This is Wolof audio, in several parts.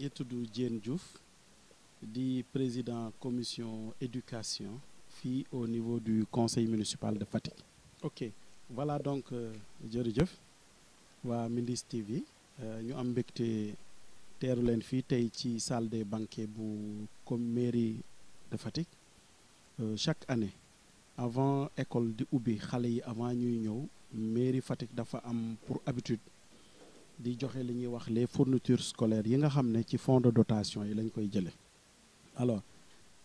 ngi tudd Diène Diouf di président commission éducation fii au niveau du conseil municipal de Fatick. ok voilà donc euh, jërëjëf waa Mindiss TV euh, ñu am mbégte teeru leen fii tey ci salle des banquets bu comme mairie de Fatick euh, chaque année avant école di ubbi xale yi avant ñuy ñëw mairie Fatick dafa am pour habitude. di joxe li ñuy wax les fournitures scolaires yi nga xam ne ci fonds de dotation yi lañ koy jële alors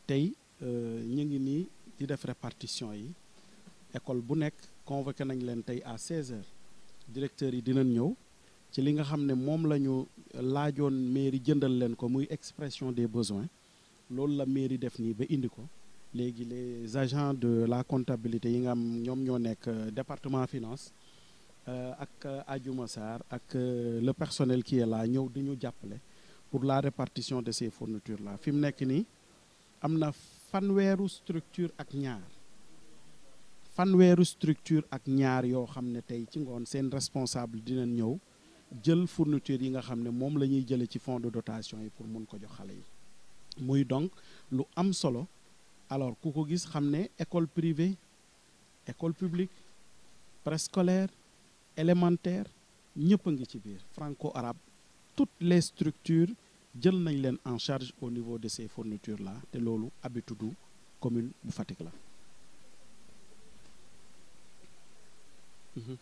tey euh, ñu ngi nii di def répartition yi école bu nekk convoqué nañ leen tey à 16 heures directeurs yi dinañ ñëw ci li nga xam ne moom la ñu laajoon mairie jëndal leen ko muy expression des besoins loolu la mairie def nii ba indi ko léegi les agents de la comptabilité yi nga am ñoom ñoo nekk euh, département finance Euh, ak euh, Adjuma Sarr ak euh, le personnel qui est ñëw di ñu jàppale pour la répartition de ces fournitures là fi mu nekk nii am na fanweeru structure ak ñaar fanweeru structure ak ñaar yoo xam ne tey ci ngoon seen responsable dinañ ñëw jël fourniture yi nga xam ne moom la ñuy jëlee ci fonds de dotation yi pour mun ko jox xale yi muy donc lu am solo alors ku ko gis xam ne école privée école publique préscolaire élémentaire ñëpp a ngi ci biir franco-arabe toutes les structures jël nañ leen en charge au niveau de ces fournitures la te loolu habitude commune bu Fatick la. Mhm.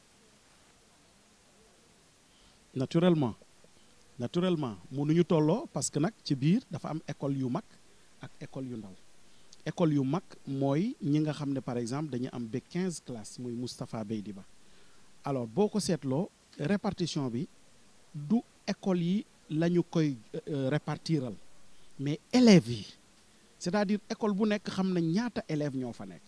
naturellement naturellement mënuñu tolloo parce que nag ci biir dafa am école yu mag ak école yu ndaw école yu mag mooy ñi nga xam ne par exemple dañu am ba quinze muy Moustapha Beydi Ba alors boo ko seetloo répartition bi du école yi la ñu koy euh, répartiral mais élèves yi c'est-à-dire école bu nekk xam na ñaata élèves ñoo fa nekk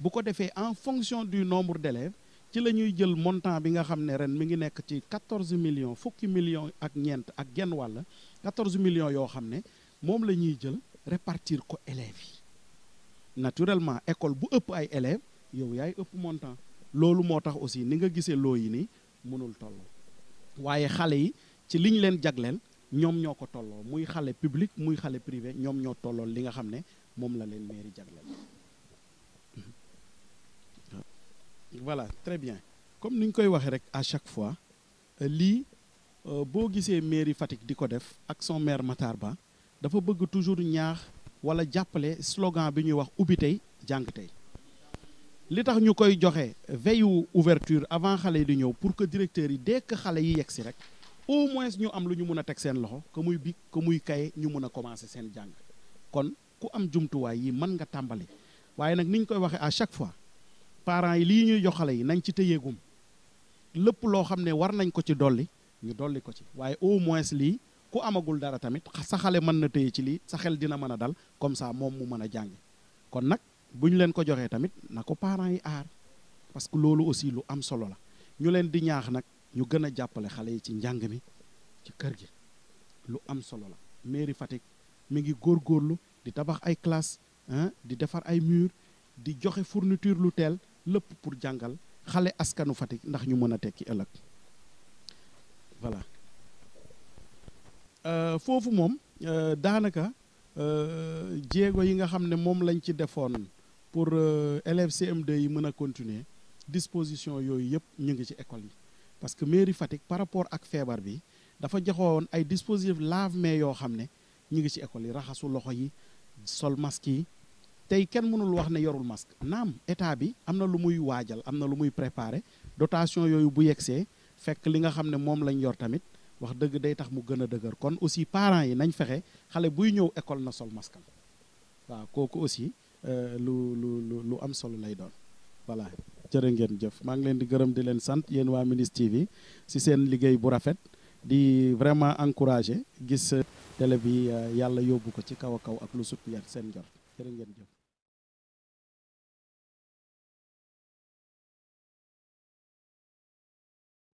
bu ko defee en fonction du nombre d'élèves ci la ñuy jël montant bi nga xam ne ren mi ngi nekk ci quatorze millions fukki million ak ñeent ak genn wàll quatorze millions yoo xam ne moom la ñuy jël répartir ko élèves yi naturellement école bu ëpp ay élèves yow yaay ëpp montant loolu moo tax aussi ni nga gisee loo yi ni mënul tolloo waaye xale yi ci liñ leen jagleel ñoom ñoo ko tolloo muy xale public muy xale privé ñoom ñoo tolloo li nga xam ne moom la leen mairie jagleel hmm. voilà très bien comme niñ koy waxee rek à chaque fois euh, lii euh, boo gisee mairie Fatick di ko def ak son maire Ba dafa bëgg toujours ñaax wala jàppale slogan bi ñuy wax ubbi tey jàng tey li tax ñu koy joxe veillu ouverture avant xale yi di ñëw pour que directeurs yi dès xale yi yegg si rek au moins ñu am lu ñu mën a teg seen loxo ko muy bic que muy kaye ñu mën a commencer seen jàng kon ku am jumtuwaay yi mën nga tàmbali waaye nag ni koy waxee à chaque fois parent yi lii ñuy jox xale yi nañ ci tëyeegum lépp loo xam ne war nañ ko ci dolli ñu dolli ko ci waaye au moins lii ku amagul dara tamit sa xale mën na tëye ci lii sa xel dina mën a dal comme ça moom mu mën a jàng bu ñu leen ko joxee tamit na ko parent yi aar parce que loolu aussi lu am solo la ñu leen di ñaax nag ñu gën a jàppale xale yi ci njàng mi ci kër gi lu am solo la mairie Fatick mu ngi góor góorlu di tabax ay classe di defar ay mur di joxe fourniture lu teel lépp pour jàngal xale askanu Fatick ndax ñu mën a tekki ëllëg voilà euh, foofu moom euh, daanaka euh, jéego yi nga xam ne moom lañ ci defoon pour euh, élèves CM2 yi mën a continuer disposition yooyu yëpp ñu ngi ci école yi parce que mairie Fatick par rapport ak feebar bi dafa joxoon ay dispositifs lave mais yoo xam ne ñu ngi ci école yi raxasu loxo yi sol masque yi tey kenn mënul wax ne yorul masque naam état bi am na lu muy waajal am na lu muy préparer dotation yooyu bu yegsee fekk li nga xam ne moom lañ yor tamit wax dëgg day tax mu gën a dëgër kon aussi parents yi nañ fexe xale buy ñëw école na sol masque Euh, lu lu lu am solo lay doon voilà jërë ngeen jëf maa ngi leen di gërëm di leen sant yéen waa Mindiss TV si seen liggéey bu rafet di vraiment encouragé gis euh, télé bi euh, yàlla yóbbu ko ci kaw a kaw ak lu sut yar seen njort jërë ngeen jëf